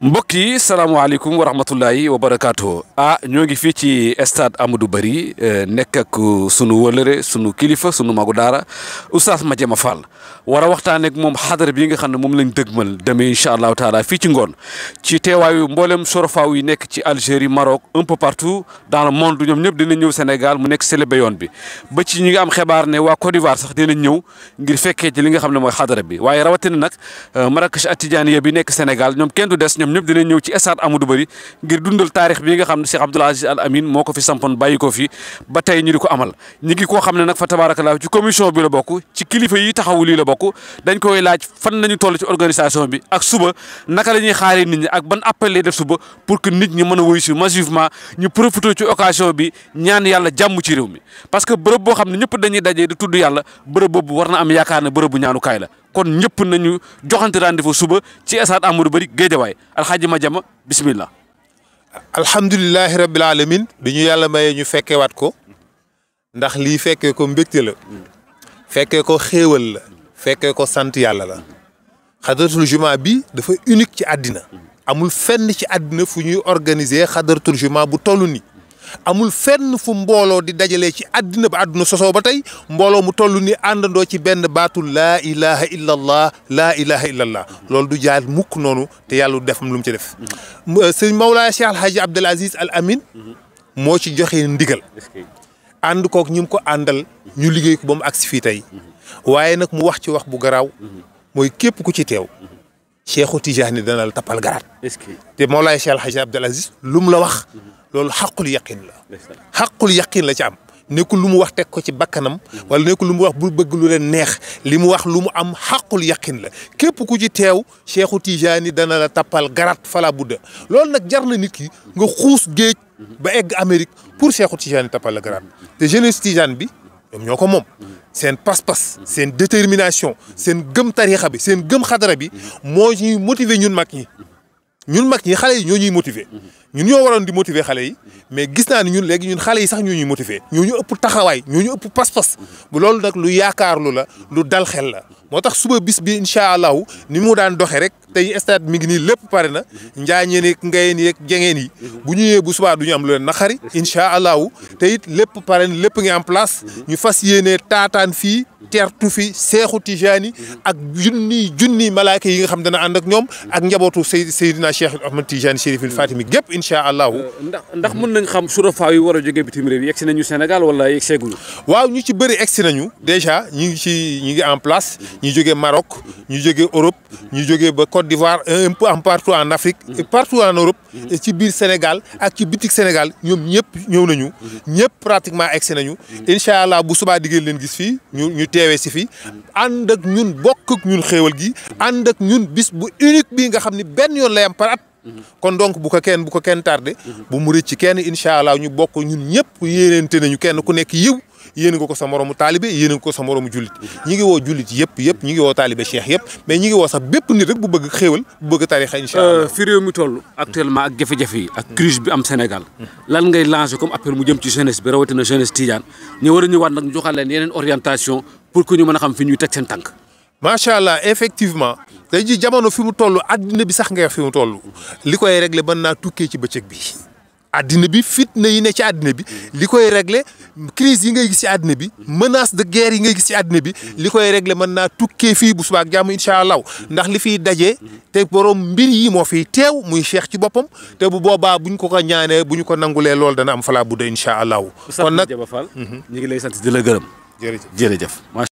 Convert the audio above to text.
mbokk yi salaamaaleykum wa rahmatullahi wa barakaatu. ah ñoo ngi fii ci stade Amadou Barry eh, nekk ak sunu wëlëre sunu kilifa sunu magu daara oustaz Madiama Fall war a waxtaanee ak moom xadara bi nga xam ne moom lañ dëgmal demee incha allahu taala fii ci ngoon ci teewaayu mboolem sorofaaw yi nekk ci Algérie Maroc un peu partout dans le monde ñoom ñëpp dina ñëw Sénégal mu nekk célébé yoon bi ba ci ñi nga am xibaar ne waa Côte d'Ivoire sax dina ñëw ngir fekkee ci li nga xam ne mooy xadara bi waaye rawatina nag eh, Marrakech Atijaniya bi nekk senegal ñoom kenn du des ñoom ñëpp dinañ ñëw ci stade Amadou Barry ngir dundal taarix bi nga xam ne Cheikh Abdoul Aziz Al Amin moo ko fi sampoon bàyyi ko fi ba tey ñu di ko amal ñi ngi koo xam ne nag fa tabaarakallaa ci commission bi la bokk ci kilifa yi taxawu lii la bokk dañ koy laaj fan nañu toll ci organisation bi ak suba naka la ñuy xaaree nit ñi ak ban appel def suba pour que nit ñi mën a wuyu si massivement ñu profité ci occasion bi ñaan yàlla jàmm ci réew mi parce que bërëb boo xam ne ñëpp dañuy dajee di tudd yàlla bërëb boobu na am yaakaar ne bërëb bu la kon ñëpp nañu joxante rendez suba ci esaat Amadou Bari Géejawaay alxaaji ma jama bismillah alhamdulilahi rabbil alamin bi ñu yàlla mayee ñu fekkee wat ko ndax lii fekkee ko mbégte la fekkee ko xéewal la fekkee ko sant yàlla la xadaratul juma bi dafa unique ci àddina amul fenn ci àddina fu ñuy organiser xadaratul juma bu toll ni amul fenn fu mbooloo di dajalee ci àddina ba àdduna sosoo ba tey mbooloo mu toll ni àndandoo ci benn baatul la ilaha illa allah laa lool du jaar mukk noonu te yàlla du def lum ci def euh, sëñ Mawlaaya Cheikh Al Hadji Abdoul Aziz Al Amin moo ci joxe ndigal ànd kook ñi ko àndal ñu liggéey ko ba mu fii tey waaye nag mu wax ci wax bu garaaw mooy képp ku ci teew Cheikhu Tijaani dana la tappal garaat te Mawlaaya la wax loolu xaqul yaqin la xaqul yaqin la ci am nekkul lu mu wax teg ko ci bakkanam wala nekkul lu mu wax bu bëgg lu leen neex li mu wax lu mu am xaqul yaqin la képp ku ci teew Seexu Tijaani dana la tappal garat fala budda loolu nag jar na nit ki nga xuus géej ba egg Amérique pour Seexu Tijaani tappal la garat te jeunesse Tijane bi ñoom ñoo ko moom seen pas-pas seen détermination seen gëm tariixa bi seen gëm xadara bi moo ñuy motiver ñun mag ñi ñun mag ñi xale ñoo ñuy motiver ñun ñoo waroon di motiver xale yi mais gis naa ni ñun léegi ñun xale yi sax ñu ñuy motiver ñoo ñu ëpp taxawaay ñoo ñu ëpp pas-pas bu loolu nag lu yaakaarlu la lu dal la moo tax suba bis bi incha allahu ni mu daan doxee rek tey stade mi ngi nii lépp pare na njaañeen yeeg ngayeen yeeg jengeen yi bu ñu yee bu subaa du ñu am lu leen naqari incha allahu te it lépp pare na lépp ngi en place ñu fas yéenee taataan fii teertu fi seexu tijaani ak junniy junniy yi nga xam dana ànd ak ñoom ak njabootu say Seydina Cheikh Ahmad Tijaani Chérifil Fatimi gépp incha allahu euh, ndax mën nañ xam surafaa yi war a jóge bitim réew yegsi nañu Sénégal wala yegseeguñu waaw ñu ci bëri egsi nañu dèjà ñu ngi ci ñu ngi en place ñu jógee Maroc ñu jógee Europe ñu jógee ba Côte d'Ivoire un peu en partout en Afrique mm-hmm. partout en Europe mm-hmm. ci biir Sénégal ak ci bitik Sénégal ñoom ñëpp ñëw nañu mm-hmm. ñëpp pratiquement egsi nañu incha teewee si fi ànd ak ñun bokk ak ñun xéewal gi ànd ak ñun bis bu unique bi nga xam ni benn yoon lay am par at kon donc bu ko kenn bu ko kenn tardé bu mu rëcc kenn incha allah ñu bokk ñun ñëpp yéeneente nañu kenn ku nekk yiw yéen nga ko sa moromu taalibe yéen nga ko sa moromu jullit ñi ngi woo jullit yëpp yëpp ñi ngi woo taalibe cheikh yëpp mais ñi ngi woo sax bépp nit rek bu bëgg xéewal bu bëgg tarixa incha allah euh, fi réew mi toll actuellement ak jafe-jafe yi ak crise bi am Sénégal lan ngay lancé comme appel mu jëm ci jeunesse bi rawatina jeunesse a ñëwaat nag ñu joxal leen pour que ñu mën a xam fi ñuy teg seen tànk. macha allah effectivement tey jii jamono fi mu toll addina bi sax nga fi mu toll li koy réglé mën naa tukkee ci bëccëg bi. addina bi fitna yi ne ci addina bi li koy réglé crise yi ngay gis ci addina bi menace de guerre yi nga gis ci addina bi li koy réglé mën naa tukkee fii bu subaa ak jàmm incha ndax li fiy daje te borom mbir yi moo fiy teew muy cheikh ci boppam te bu boobaa bu ñu ko ko ñaanee bu ñu ko nangulee loolu dana am falaa bu dee incha allah. kon nag ñu ngi lay sant di la gërëm.